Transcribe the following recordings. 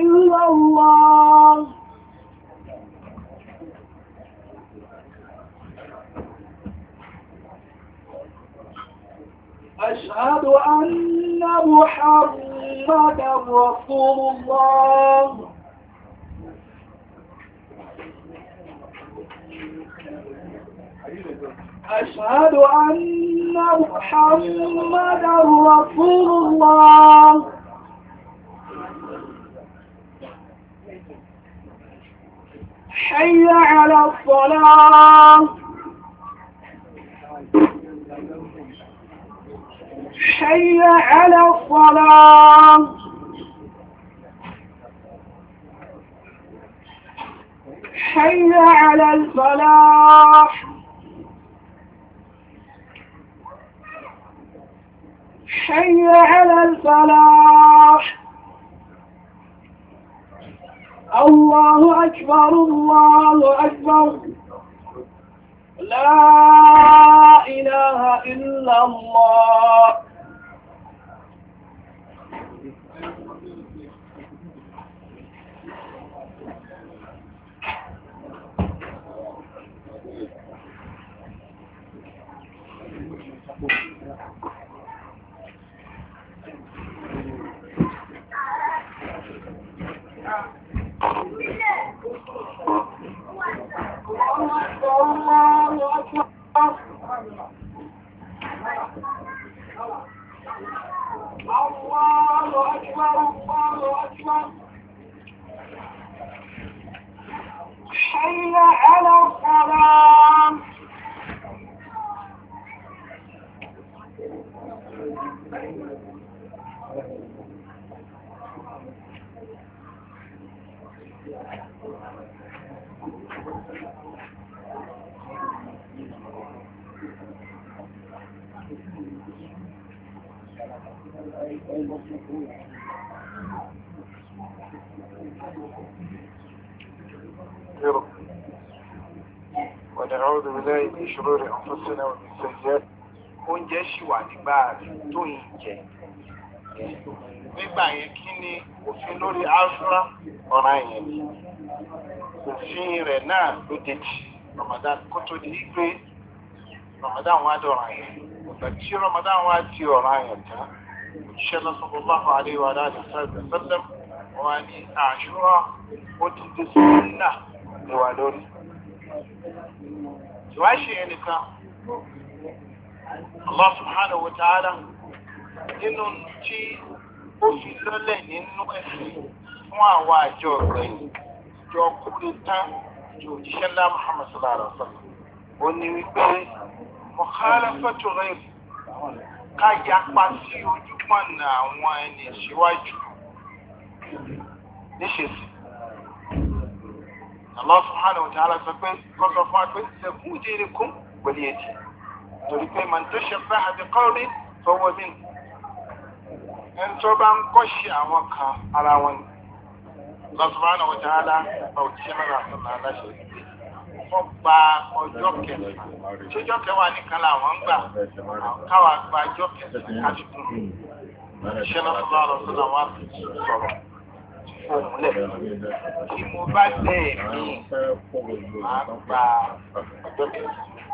إلا الله أشهد أن محمدا رسول الله أشهد أن محمدا رسول الله حي على الصلاة حي على الصلاة حي على الفلاح حي على الفلاح الله أكبر الله أكبر لا إله إلا الله ìṣẹ̀lẹ̀ òṣìṣẹ́ oúnjẹ ṣì wà nígbà tó yìn jẹ nígbà yẹn kí ni òfin lórí asúra ọ̀ràn yẹn ni òfin rẹ̀ náà ló dèjì Ramadan kó tó di pé Ramadan wá dọ̀ràn yẹn ìgbà tí Ramadan wá di ọ̀ràn yẹn tán òṣìṣẹ́ lọ́sọ̀kọ̀ bá wà lé wa láti sẹ́gbẹ̀ sẹ́gbẹ̀ wọn ní àṣúra ó ti di sínú náà lè wà lórí. ìwáṣẹ̀ yẹn nìkan Allah subhanahu wa ta'ala nínú tí ó fi lọ́lẹ̀ nínú ẹ̀sìn fún àwọn àjọ rẹ̀ jọ kúrò tán ju òjíṣẹ́ ńlá Muhammad sallallahu alaihi wa sallam. Ó ní wípé mukhalafatu ghayr ká yapa sí ojúmọ̀nà àwọn ẹni ìṣíwájú níṣẹ́sí. Allah subhanahu wa ta'ala sọ pé kọ́sọ̀ fún wa pé ṣẹ̀kú ìdírekún. wani ya ce torí pé mantushin fahadi fọwọ́ ní ẹni tó bá ń kọ́ṣe àwọn kan ara wọn ni lọ́sùmánà wọ̀já alá ọ̀tíṣẹ́ aláṣẹ wọ́n gba ọjọ́ kẹfà ṣéjọ́ kẹwàá nìkan làwọn ń gbà gba ọjọ́ kẹfà sọ̀rọ̀ fòmùlẹ̀ tí mo bá mí gba ọjọ́ kẹfà.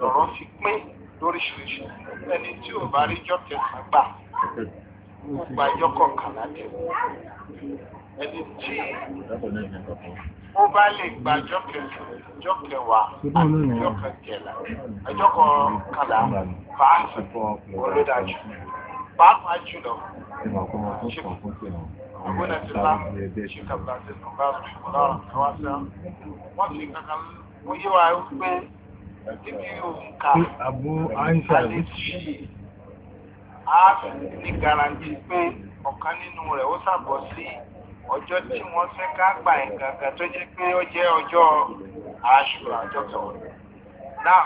lọ́rọ̀ fi pín lóríṣiríṣi ẹni tí ò bá rí jọ́ kẹsàn-án gbà ó gba ẹjọ́ kọ̀ọ̀kànlá jẹ ẹni tí ó bá lè gba ẹjọ́ kẹsàn-án ẹjọ́ kẹwàá àti ẹjọ́ kẹjẹlá ẹjọ́ kọ̀ọ̀kànlá fàásì olódàjú pàápàá jùlọ ṣe àgbọ̀nà ti bá ṣe kàbàtì ọ̀bá rẹ̀ ọ̀làrà kẹwàá sẹ́wọ̀n wọ́n ti kankan mo yé wa wípé níbi òǹkà àdéṣì á ní garanti pé ọ̀kan nínú rẹ̀ ó sàbọ̀ sí ọjọ́ tí wọ́n fẹ́ ká gbà ẹ̀ tó jẹ́ pé ó jẹ́ ọjọ́ àṣùrọ̀ àjọkọ̀ náà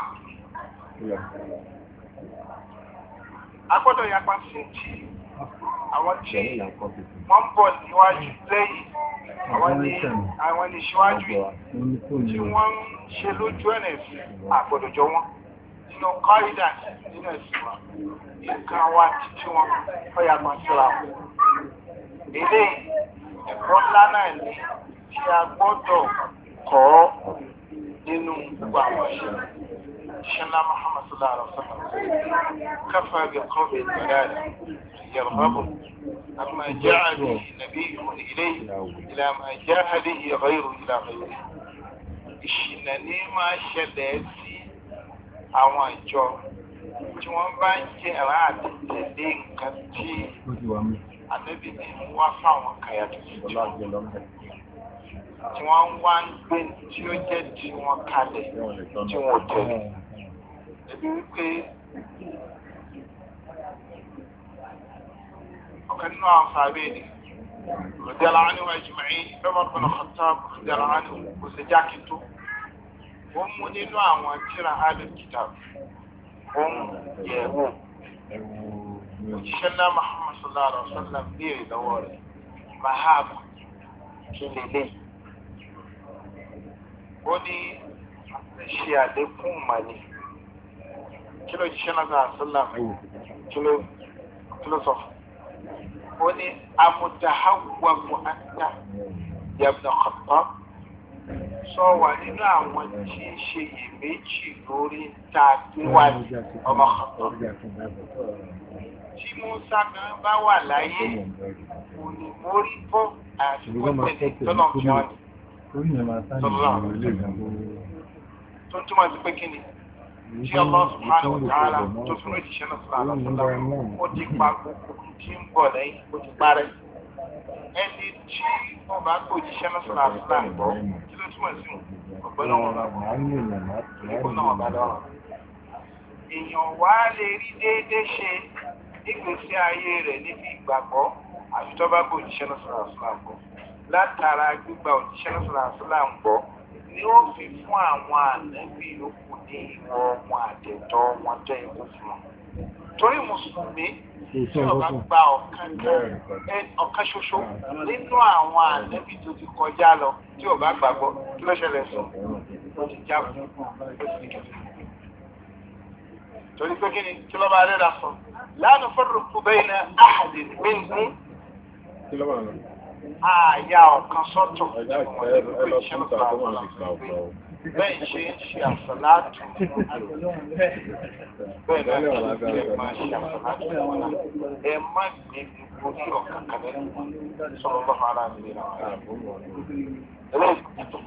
agbọ́dọ̀ yapa sí ti. àwọn tí wọ́n ń bọ̀ níwájú lẹ́yìn àwọn ní ṣíwájú tí wọ́n ń ṣe lójú ẹ̀nà ẹ̀sìn àgbọ̀dọ̀jọ́ wọn nínú kọ́ìdà nínú ẹ̀sìn wa nǹkan wa títí wọn ọ̀yà máa sọ̀rọ̀ àwọn. ilé ẹ̀kọ́ ńlá náà ní tí a gbọ́dọ̀ kọ́ nínú gbogbo àwọn ìṣẹ̀lẹ̀. شنا محمد صلى الله عليه وسلم كفى بقوم الضلال يرغب أما جعله نبي إليه إلى ما جاء غير إلى غيره ìṣìnàní máa ṣẹlẹ̀ sí àwọn ìjọ tí wọ́n bá ń jẹ́ ẹ̀rá àti tẹ̀lé nǹkan tí ànábì ní wá fáwọn kàyàtọ̀ sí jọ tí wọ́n wá ń gbé tí ó jẹ́ tí wọ́n kalẹ̀ tí wọ́n tẹ̀lé débi wípé ọ̀kan nínú àwọn sàbẹ̀ ni rọ̀dẹ́lá ánìwá ìjìmáyé Umar bin Khattab rọ̀dẹ́lá ánìwá kò sí jákè tó ó mú nínú àwọn tíra alẹ́ kitab ó ń yẹ̀ wò òjíṣẹ́ ńlá Muhammad sallallahu alaihi wa sallam léèrè lọ́wọ́ rẹ̀ mahaba kí lélẹ́yìí ó ní ṣe àlékún màlẹ́ kí ló jíṣẹ́ náà náà sọ́lá kí ló sọ. ó ní amúdáháwàmù àdá yàtọ̀ ọ̀pọ̀ sọ wà nínú àwọn tí ń ṣe iyèméjì lórí tá a gbé wà ní ọmọ ọ̀pọ̀. tí musa kan bá wà láyé kò ní mórí bọ́ àti kó tẹ̀lé tọ́nà kí wọ́n ní. tó túmọ̀ sí pé kí ni tí Allah subhanahu wa ta'ala tó fún òṣìṣẹ́ náà fún àlọ́sọ́lá ó ti pa gbogbo tí ń bọ̀ lẹ́yìn ó ti parẹ́ ẹni tí wọ́n bá kó òṣìṣẹ́ náà fún èèyàn wá lè rí déédéé ṣe ìgbésí ayé rẹ̀ níbi ìgbàgbọ́ àfi tó bá kó náà fún àlọ́sọ́lá gbọ́ látara gbígba òṣìṣẹ́ náà fún àlọ́sọ́lá gbọ́ ni ó fi fún àwọn ànábì yòókù ní ìwọ ọmọ àtẹ̀tọ́ wọn tẹ́ ikú fún wọn. torí mùsùlùmí tí ọba gba ọ̀kan ṣoṣo nínú àwọn ànábì tó ti kọjá lọ tí ọba gbàgbọ́ kí ló ṣẹlẹ̀ sọ ó ti já fún ó ti kẹfẹ́. torí pé kí ni kí ló bá rẹ́ra sọ láàánú fẹ́ràn kú bẹ́ẹ̀ ní àhàdì gbẹ̀ngún ààyà ọ̀kan sọ́tọ̀ bẹ́ẹ̀ ṣe ń ṣe àsàlátù bẹ́ẹ̀ náà kí ẹ máa ṣe àsàlátù wọn ẹ má gbé gbogbo ní ọ̀kan kalẹ̀ sọ̀rọ̀ bá ara mi rà ẹlẹ́gbẹ̀tọ̀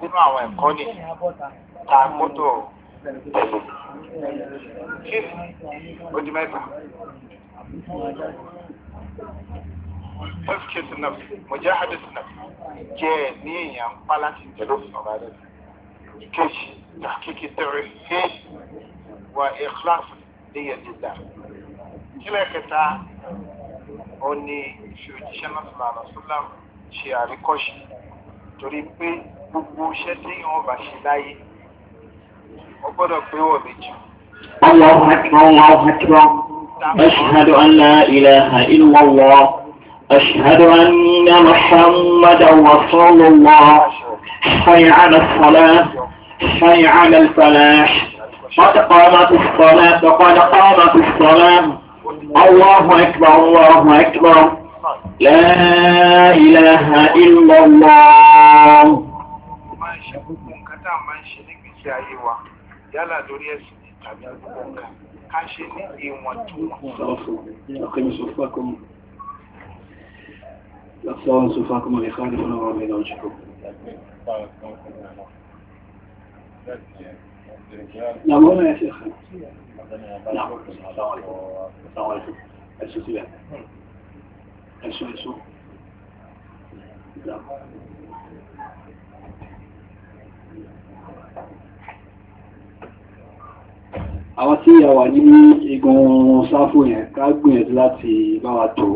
nínú àwọn ẹ̀kọ́ ni ta gbọ́dọ̀ tẹ̀lé ṣé mẹ́ta tẹ́síkì sí náà mọ̀já àdé sí náà jẹ́ ní èèyàn pa láti tẹ̀lé òfin ọ̀rọ̀ adé kejì tàkìkì tẹ̀rẹ̀ ṣe wà ẹ̀kíláàsì ní yẹ̀dídà kílẹ̀ kẹta ó ní ìfi òjíṣẹ́ náà sọ̀rọ̀ àlọ́sọ́lá ṣe àríkọ́ṣe torí pé gbogbo iṣẹ́ tí wọ́n bá ṣe láyé wọ́n gbọ́dọ̀ pé wọ́n méjì. الله أكبر الله أكبر أشهد أن لا إله إلا الله أشهد أن محمدا رسول الله حي على الصلاة حي على الفلاح قد قامت الصلاة قد قامت الصلاة الله أكبر الله أكبر لا إله إلا الله yálà lórí ẹ̀sìn tàbí àgbọ̀ǹkà ká ṣe ní ìwọ̀n tó wọ̀n. أخصاهم سفاكم ويخالفنا ورمينا وجهكم نعم هنا يا شيخ نعم السلام عليكم السلام عليكم أسو سبع أسو أسو نعم àwọn tí a wà ní igun sáfù yẹn ká gbìyànjú láti bá wa tó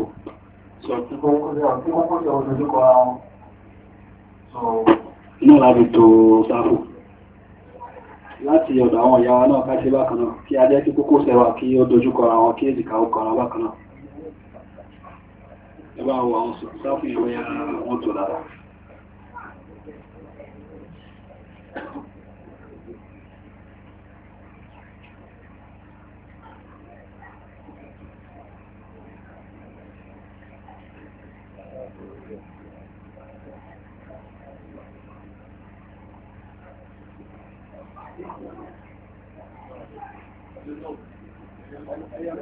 Iná láti tó sáfò. Láti ọ̀dọ̀ àwọn ìyá wa náà ká ṣe bákan náà, kí a jẹ́ kí kókó sẹ́wà kí ó dojúkọ àwọn kí èjìká ó kọra bákan náà. Ẹ bá wo àwọn sáfò ìwé àwọn tó dára.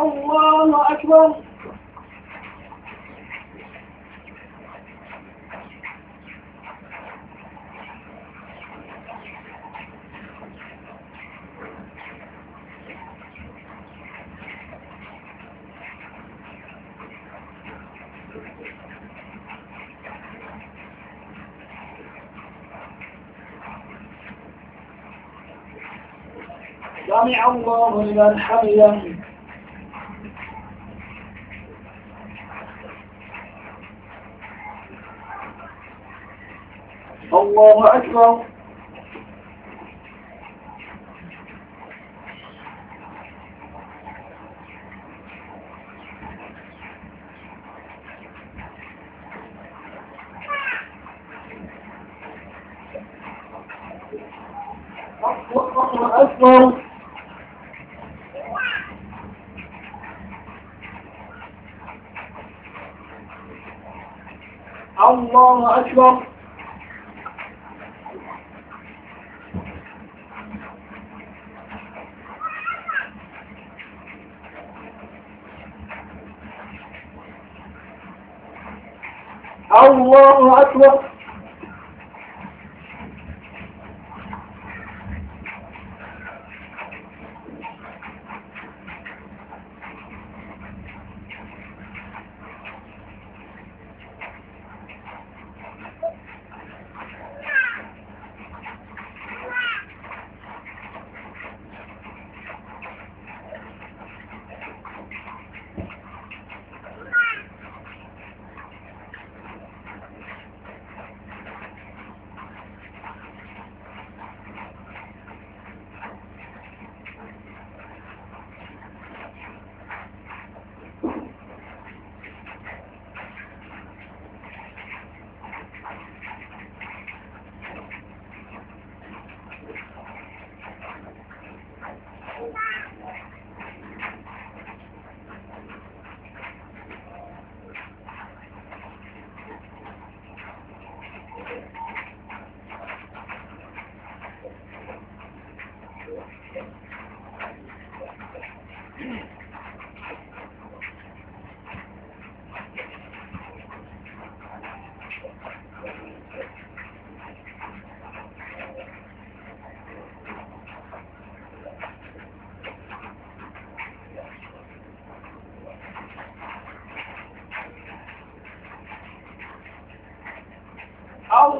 الله أكبر سمع الله لمن حمده الله أكبر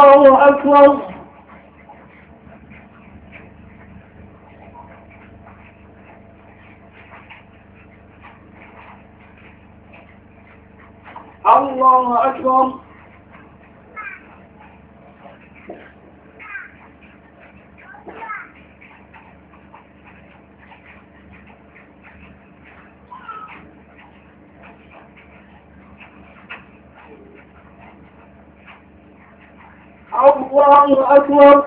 الله أكبر الله أكبر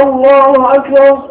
الله أكبر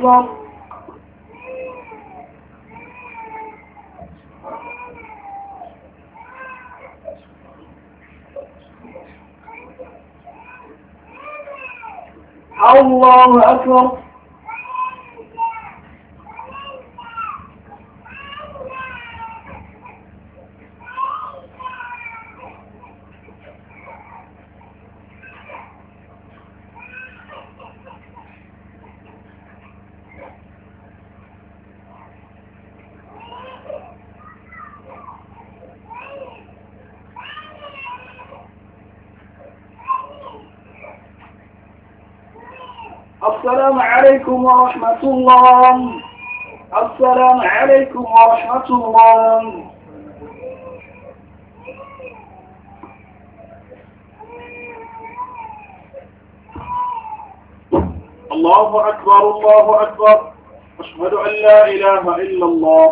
أكبر الله أكبر السلام عليكم ورحمة الله السلام عليكم ورحمة الله الله أكبر الله أكبر أشهد أن لا إله إلا الله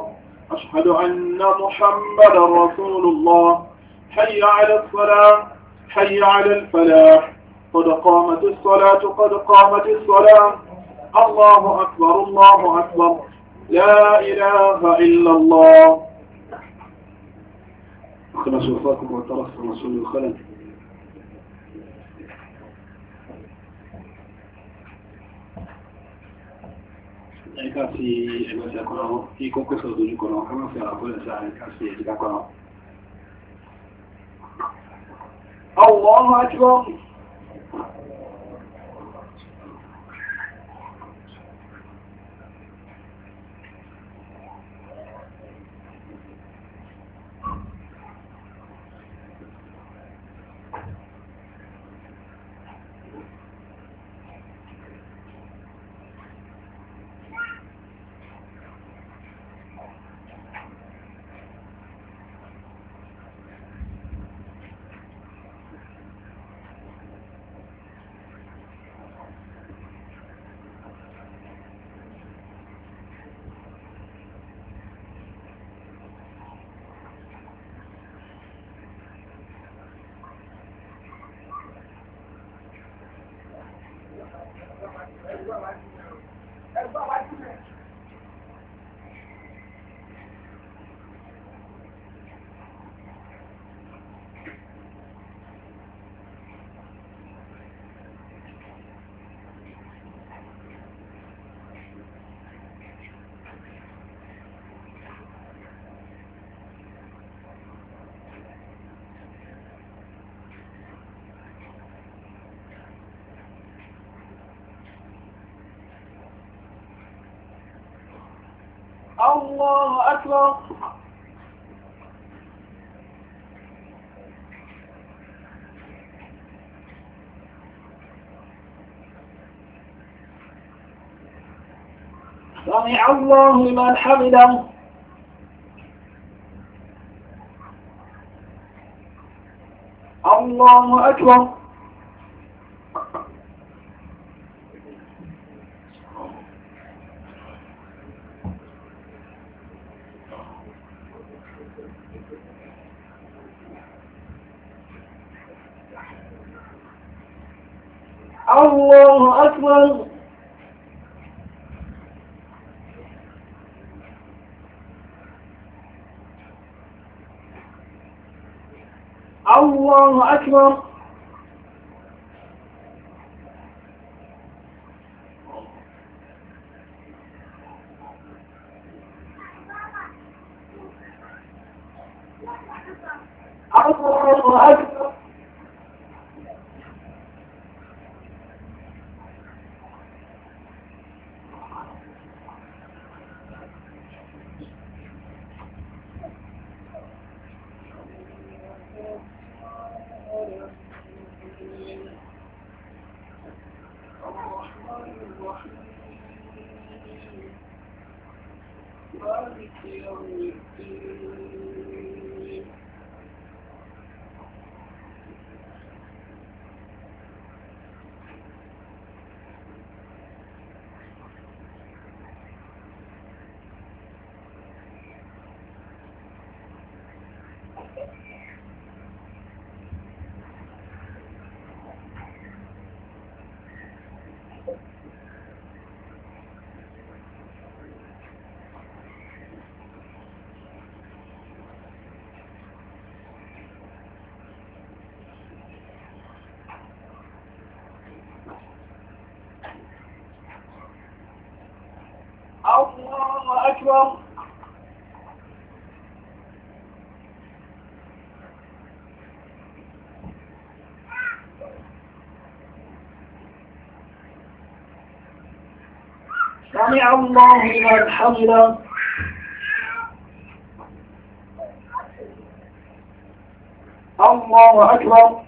أشهد أن محمدا رسول الله حي على الصلاة حي على الفلاح قد قامت الصلاة قد قامت الصلاة الله أكبر الله أكبر لا إله إلا الله خلص وفاكم وترفع رسول الخلل الله ẹgbẹ́sẹ̀ fẹ́ ọmọ ajọ́ ẹ̀gbọ́n wa ti mẹ́rin ẹ̀gbọ́n wa ti mẹ́rin. الله أكبر سمع الله من حمده الله أكبر عشرة سمع الله لمن حمده الله أكبر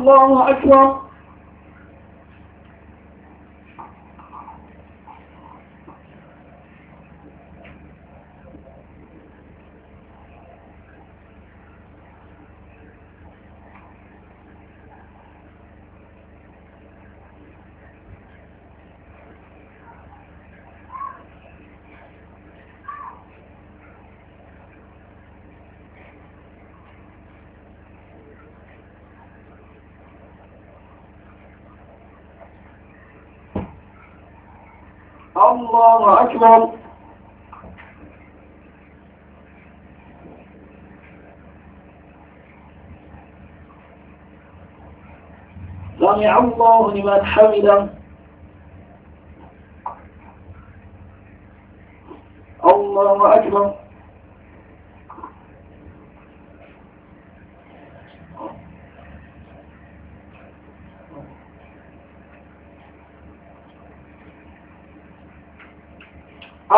الله أكبر الله أكبر سمع الله لمن حمده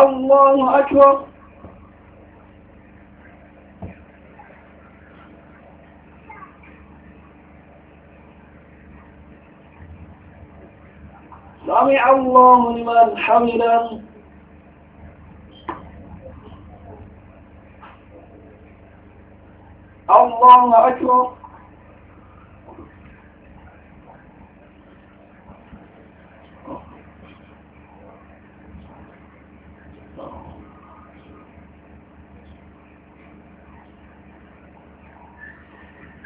الله أكبر سمع الله لمن حمدا الله أكبر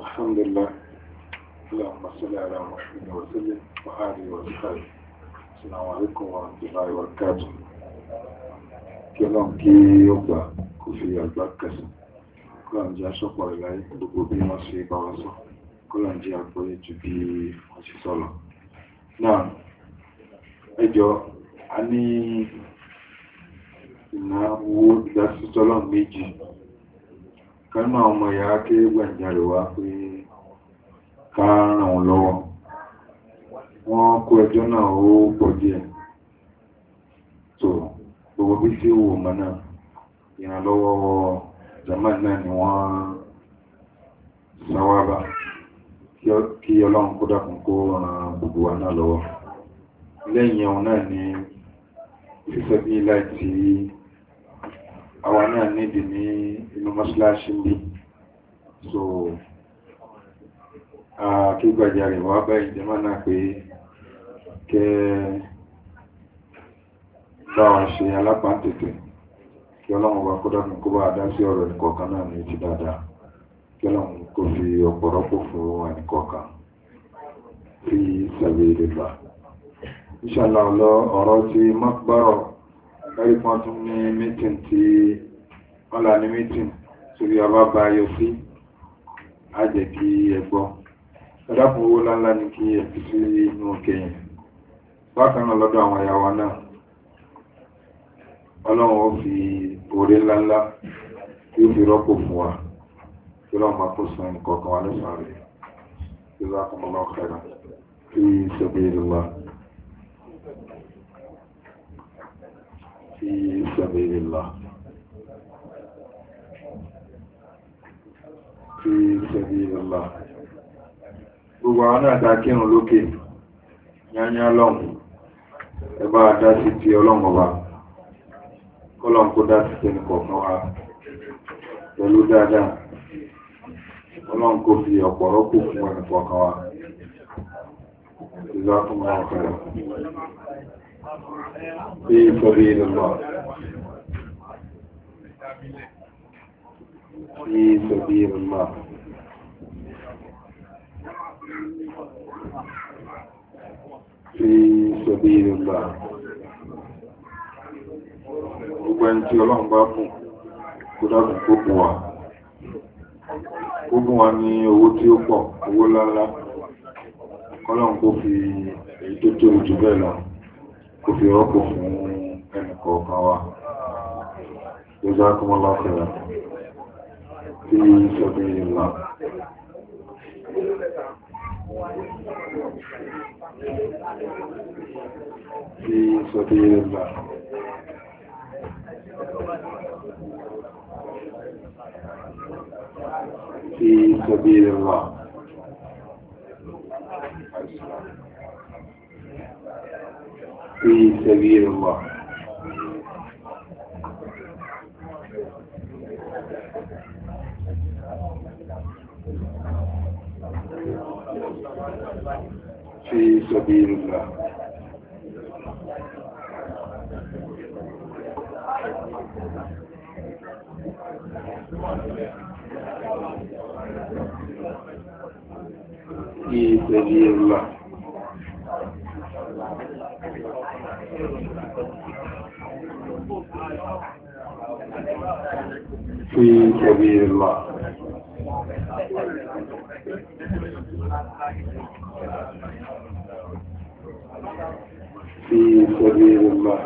الحمد لله اللهم صل على محمد وسلم وآله وصحبه السلام عليكم ورحمة الله وبركاته kí ọlọ́run kí ó gbà kò fi àgbà kẹsàn kọ́lọ̀n jẹ́ aṣọ́pọ̀ rẹ̀ láyé gbogbo bí wọ́n ṣe bá wọ́n sọ kọ́lọ̀n a ní ìnáwó ìdásítọ́lọ́ méjì kalma ọmọ ìyá ké gbàǹjarè wá pé ká ràn wọ́n lọ́wọ́ wọ́n kó ẹjọ́ náà ó pọ̀ díẹ̀ tó gbogbo bí sí owó ọmọ náà ìrànlọ́wọ́ jamal náà ni wọ́n sáwábà kí ọlọ́run kó dákun kó ràn gbogbo wa náà lọ́wọ́ lẹ́yìn ọ̀hún náà ni sísọ bí láti àwa náà níbi ní inú mọ́ṣáláṣí bí so a kí gbàjarè wá bá ìjẹmọ́ náà pé kẹ bá wa ṣe alápàntètè kí ọlọ́run bá kódà kó bá dá sí ọ̀rọ̀ nìkọ̀ọ̀kan náà ní ti dáadáa kí ọlọ́run kó fi ọ̀pọ̀rọ̀pọ̀ fún wa nìkọ̀ọ̀kan fi sàbẹ̀ ìdìbà. Inshallah ọ̀rọ̀ ti mọ́gbọ́rọ̀ lórí kan tún ní mítìn tí wọ́n là ní mítìn torí ọba bá yọ sí á jẹ́ kí ẹ gbọ́ ẹ̀dàkùn owó láńlá ní kí ẹ fi sí inú òkè yẹn bákan náà lọ́dọ̀ àwọn ìyàwó náà ọlọ́run ó fi oore ńláńlá tí ó fi rọ́pò fún wa tí ó lọ́mọ kó san nǹkan kan wá lọ́sàn-án rẹ̀ tí ó bá kọ́ mọ́ lọ́kẹ́ra tí ìṣẹ́gbé ìlú wa. في سبيل الله في سبيل الله gbogbo àwọn náà ta kírun lókè yányá lọ́hùn ẹbá dá ti ọlọ́run ọba kọ́lọ̀ kó dá sí tẹnu kọ̀ọ̀kan fi ọ̀pọ̀ في سبيل الله في سبيل الله في سبيل الله gbogbo ẹni tí ọlọ́run bá fún kó dákùn kó bùn wá kó bùn wá ní owó tí ó pọ̀ owó láńlá kọ́lọ́run kó fi èyí tó tóbi jù bẹ́ẹ̀ lọ kò fi rọ́pò fún ẹnì kọ̀ọ̀kan wa lójá kọmọ láfẹ́ra tí ìṣọ́bí ìlà tí ìṣọ́bí ìlà في سبيل الله في سبيل الله في سبيل الله في سبيل الله في سبيل الله في سبيل الله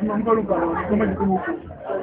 Mangkalu kalau cuma itu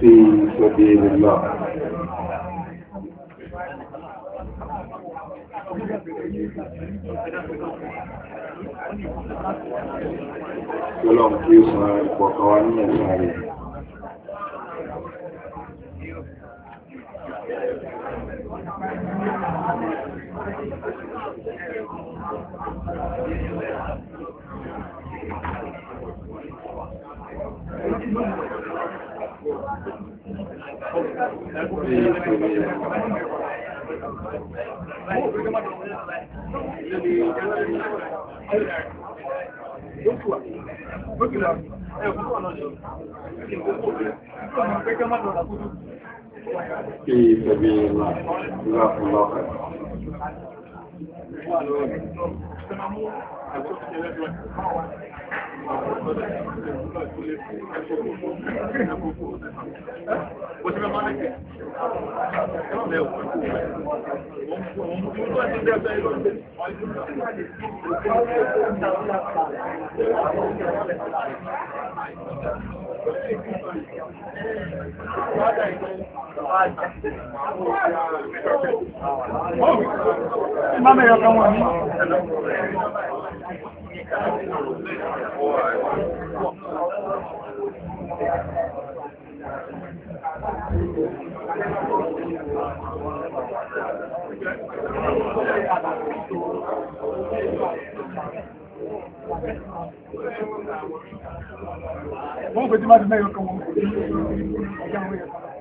في سبيل الله Ọlọ́run kí ó san ìpọ̀kan Thank you. في سبيل الله جزاكم الله خير Você me manda aqui. É o meu. Vamos mudar esse dedo aí, Lúcio. Olha aí. Vamos. Manda Vamos eu tenho uma. Vamos ver de mais meio como.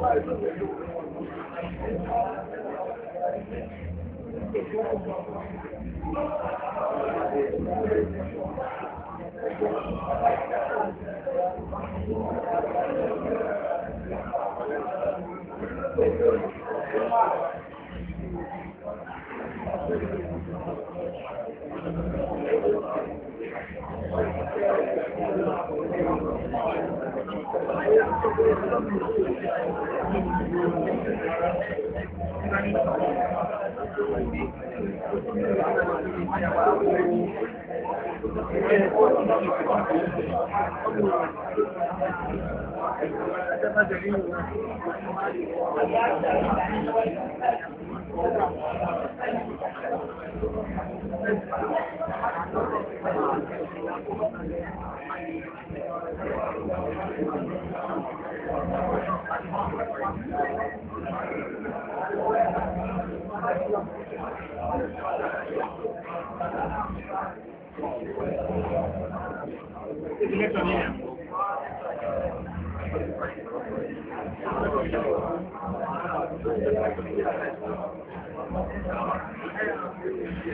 Thank you. Thank you.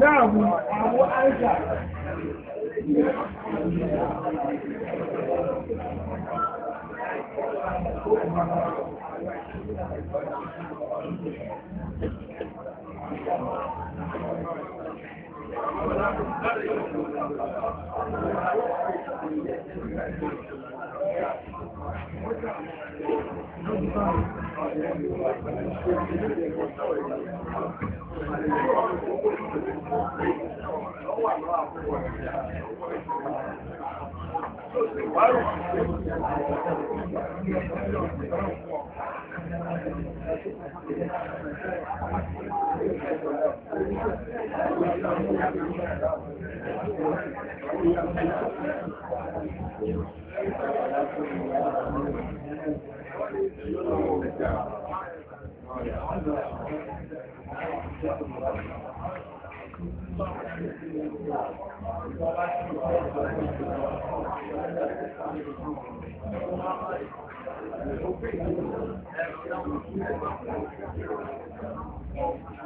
Láàrùn àwọn àìsà. Thank you. Thank you.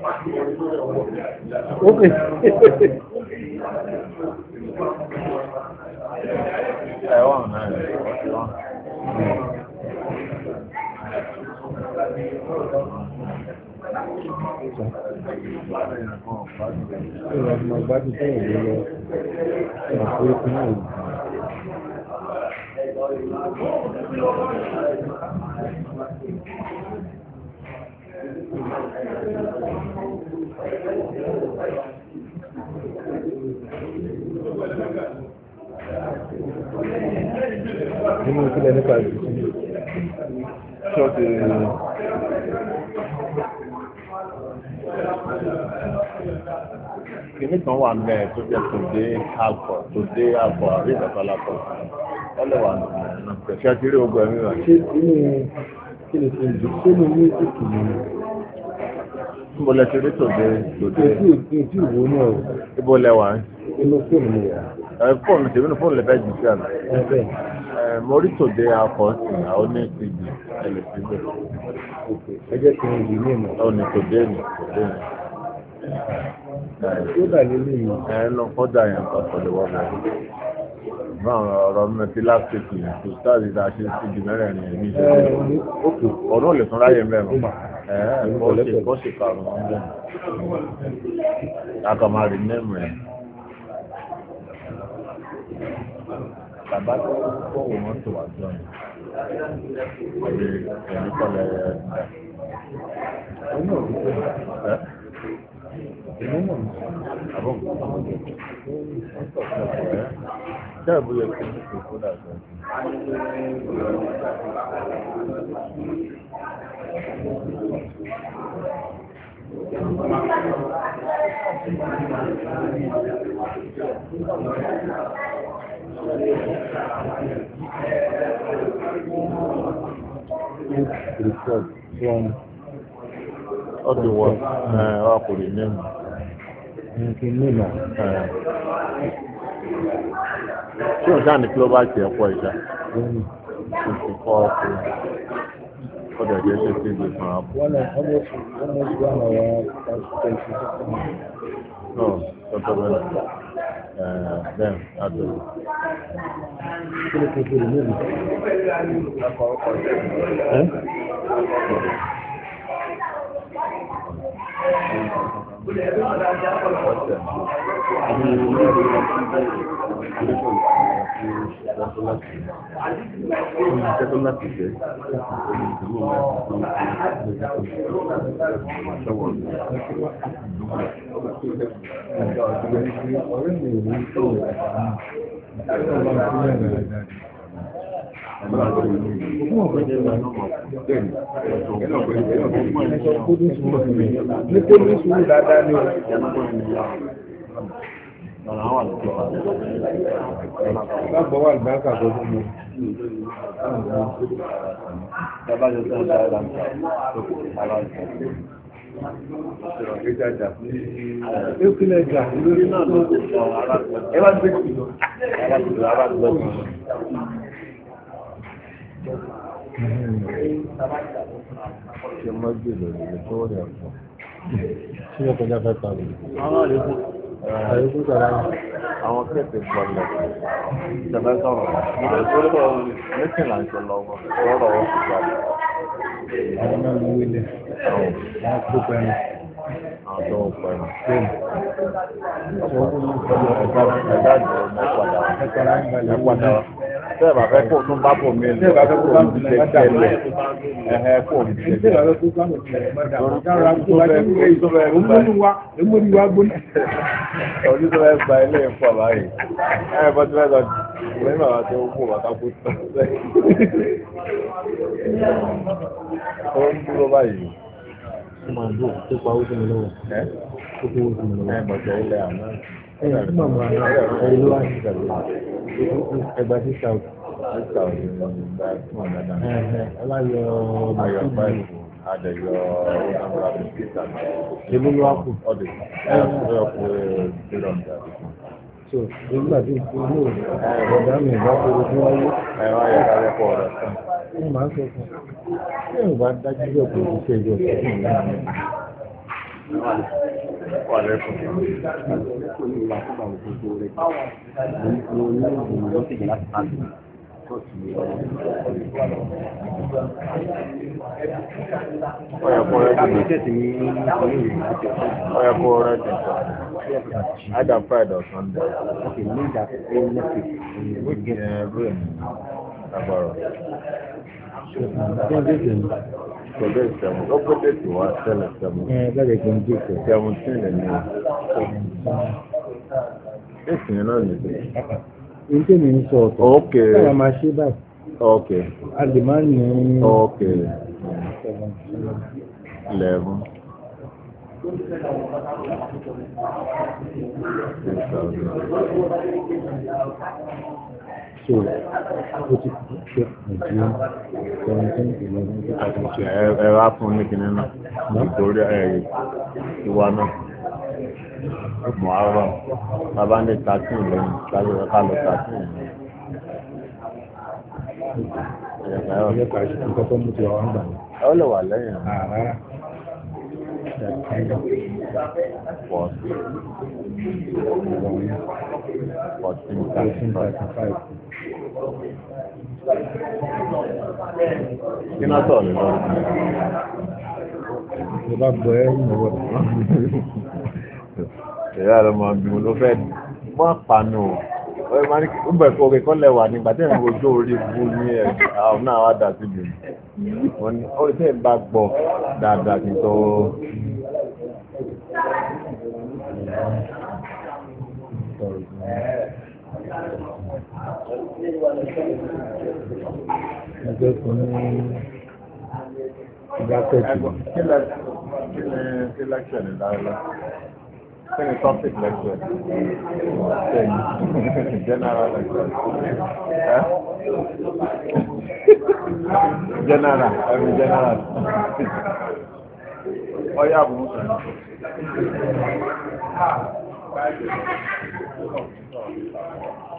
Okay. Thank you nínú ìpínlẹ̀ nípa ìrìsí ṣọ́ọ̀tì kìíní kan wà mẹ́ẹ̀ tó jẹ́ tòde àpọ̀ tòde àpọ̀ àrí ìdàgbàlápọ̀ ọlọ́wà náà ṣẹ́ṣẹ́ kiri ogun ẹ̀mí rẹ̀ kí ni kí n jù kí ni ní ètò mi. níbo lẹ ti rí tòde lòdì. ètò ètò ìwò náà. ibo lẹ wà. inú fóònù mi yà. ẹ fóònù tèmi ní fóònù lẹ fẹ́ jù sí àná. ẹ bẹ́ẹ̀. ẹ mo rí tòde akọ sí àwọn ní ìpìlì ẹ lè fi bẹ́ẹ̀. ẹ jẹ́ kí n jù ní ìmọ̀. ọ ní tòde ní tòde ní kódà nílé yìí. ẹ lọ kódà yẹn kọ pẹ̀lú wọn bẹ́ẹ̀ náà ọ̀rọ̀ nínú ti last week to start it àti síbi mẹ́rẹ̀ẹ̀rin ẹ̀mí ìṣẹ́jú ọdún òlè tún ráyè mẹ́rin ẹ̀ẹ́ kó eh, ṣe karùn-ún ọ̀dẹ́ akọ̀mọ̀ rí nẹ́ẹ̀mù ẹ̀ bàbá tó kọ́ wò wọ́n tó wà jọ ni àbí ẹ̀mí kọ́lẹ̀ ẹ̀ ẹ̀ Àbọ̀ dáàbò yẹ kí ní kò kódà gan. Report from ọdún wa ọkùnrin mẹ́rin. Nkin mímọ̀ tí wọ́n sáà ní kí ló bá tiẹ̀ pọ̀ ìṣá oṣù kọ́ ọkọ̀ ọ̀dọ̀ ìjẹ́ ṣe ti di fún wa. No, tọ́tọ́ bẹ́ẹ̀ bẹ́ẹ̀ adò. Kí ló kọ́ kí ló mú mi? Iṣẹ́ tó láti jẹ́ ìdúró láti ṣọwọ́ ọ̀rẹ́ mi ò ní tó ìdájọ́ ní kó ní sùúrù dáadáa ní ọ̀rọ̀. Lágbọ́ wà lùbáńkà tó fún mi. Dábàjọ́ tó ń sáré láńkà tó kù sí ara ìtàn. Ekele ga lórí náà lọ. Ẹ bá gbé kìlọ̀. Ẹ bá gbé kìlọ̀ ṣe má gbè lórí ní tó rẹ̀ pọ̀ ṣí ló kọjá fẹ́ ta lórí. àyíkú sọ̀rọ̀ àwọn kẹ́ẹ̀tì gbọ́dọ̀ ṣẹlẹ̀ sọ̀rọ̀ ìgbà tó mẹ́tìlá ń ṣe lọ́wọ́ lọ́rọ̀ wọn ti gbàgbọ́. àwọn náà ń wílé wọn kó pẹ́ẹ́nù àtọ̀ pẹ̀lú fóònù ìṣòwò ní ìṣòwò ẹ̀dá ìjọba ẹ̀padà ẹ̀padà sẹ́ẹ̀bà fẹ́ kó tún bá bò mí lọ kó tún ṣe tẹ̀lé ẹ̀hẹ́ kó tún ṣe tẹ̀lé. Ojú tó fẹ́ gba ilé ìfọ̀ báyìí. Ẹ bọ́ tí wọ́n lọ ní bàbá tó kú bàtà kú tán. Ó ń dúró báyìí. Ó máa dùn tó pa ó sì ń lọ. Ó tó ó sì ń lọ. Ẹ bọ̀ tẹ̀ ilé àná ẹgbà sí south ọláyọ màtúbù adẹyọ amúrabì peter ìmúlùwàkù ọdẹ ẹkọ ìrọ so nígbà tí ìfún ní ọ̀dà mi bá kúrò tí wọ́n yé ẹ̀rọ ayẹyẹ alẹ́kọ̀ọ́ ọ̀rọ̀ kan. ó máa ń sọ fún un. bí ìwà dájú bẹ́ẹ̀ kò ní ṣe ìjọba fún ìlànà. Ọ̀yà kó or Sunday. Okay, that Kọ̀dọ̀ ìsẹ̀mù, ó kọ́dọ̀ ìsẹ̀mù wá sẹ́lẹ̀ sẹ́mù. Ẹ bẹ́ẹ̀ kí n dìkọ̀. Sẹ́mù tí ìrìn ni ẹ̀sìn náà nìkan. Èyí tí mi ń sọ ọ̀tọ̀. Ókè. Báyọ̀ máa ṣe báyìí. A lè má ní. ok Eleven. Three thousand. So, which is sure, June 17, 11, 2000. Ẹ wá fún ní kìíní náà, nítorí ìwà náà. Mọ̀árọ̀, bàbá ní tàtún lẹ́yìn, lábẹ́ ọ̀ká lọ tàtún Ó lè wà lẹ́yìn. Fourteen, fourteen, thirty-five kí náà sọ̀rọ̀ mi lọ. ló bá gbọ́ ẹ́ ń wọ̀. ìyá rẹ̀ mọ̀ bí mo ló fẹ́ mọ́ àpànù ó bẹ̀rẹ̀ kó orin kan lẹ́wà nígbà tí èmi ojú orí ibú ní ẹ̀ àwọn náà wá dà síbi wọn ni ó tẹ̀ ń bá gbọ́ dáadáa kí n tó. Thank you ẹgbẹ́ kan ní ìgbàkẹ́jì. kí lẹ́kṣẹ̀ ní lára kí ni topic lecture kẹ́yìn general lecture general ẹ̀mí general ọ̀yà àbùmùsùn. Thank you.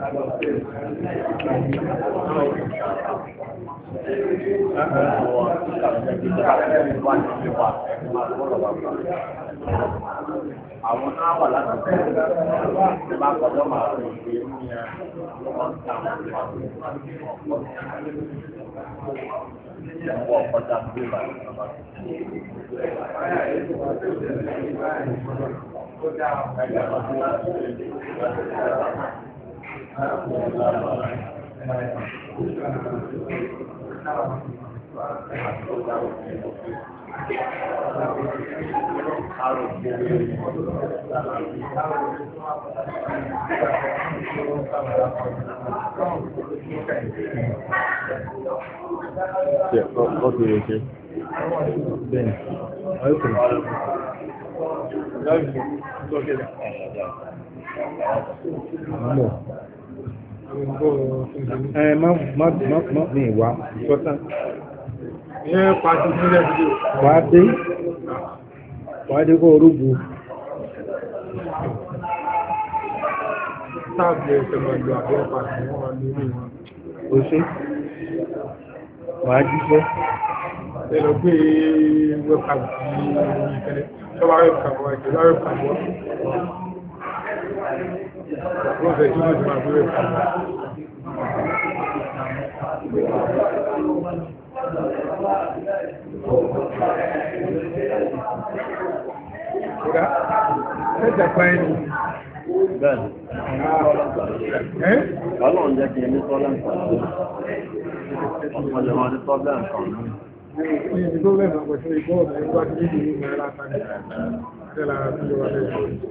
Àwọn náà wà láti ṣe Yeah, I'll, okay. Then, open. No, it's okay. No ẹ má má má má mi wá ìtọ́tà. ẹ pàṣẹ sílẹ̀ sí i. wàá dé wàá dé kó orúgbó. sáàbù ẹsẹ̀ pẹ̀lú àbí ọ̀pàṣẹ wọn wà lórí wọn. o ṣe wàá jíṣẹ́. ẹ lọ gbé wẹ́pàṣẹ ìfẹ́lẹ́ tọ́wọ́ wẹ́pàṣẹ wọ́n ti lọ́wọ́ wẹ́pàṣẹ wọ́n fẹ́ tí wọ́n ti máa fi rẹ̀. Kódà, ẹ̀jẹ̀ pa ẹni. Bẹ́ẹ̀ni. Ẹ́. Bọ́lá ń jẹ́ kí ẹni tọ́lá ń pa. Ọ̀pọ̀lọpọ̀ ọdún tọ́lá ń kàn mí. Ní ibi tó lẹ́nu ọ̀pọ̀ sí ìgbọ́ ọ̀nà ìgbà tí ó ti ní ìgbà láta ní ìgbà tí ó lára sí ìwà lẹ́yìn.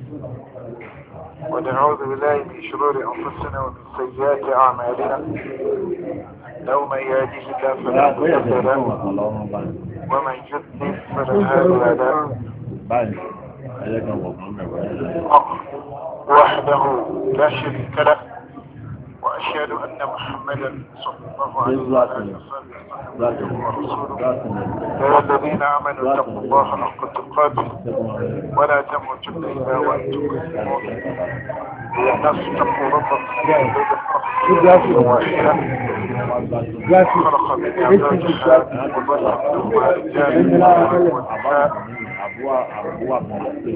ونعوذ بالله من شرور أنفسنا ومن سيئات أعمالنا لو من يهديه الله فلا مضل له ومن يضلل فلا هادي له وحده لا شريك له وأشهد أن محمدا صلى الله عليه وسلم يا الذين آمنوا اتقوا الله حق تقاته ولا تموتن إلا وأنتم مسلمون يا الناس اتقوا ربكم خلق من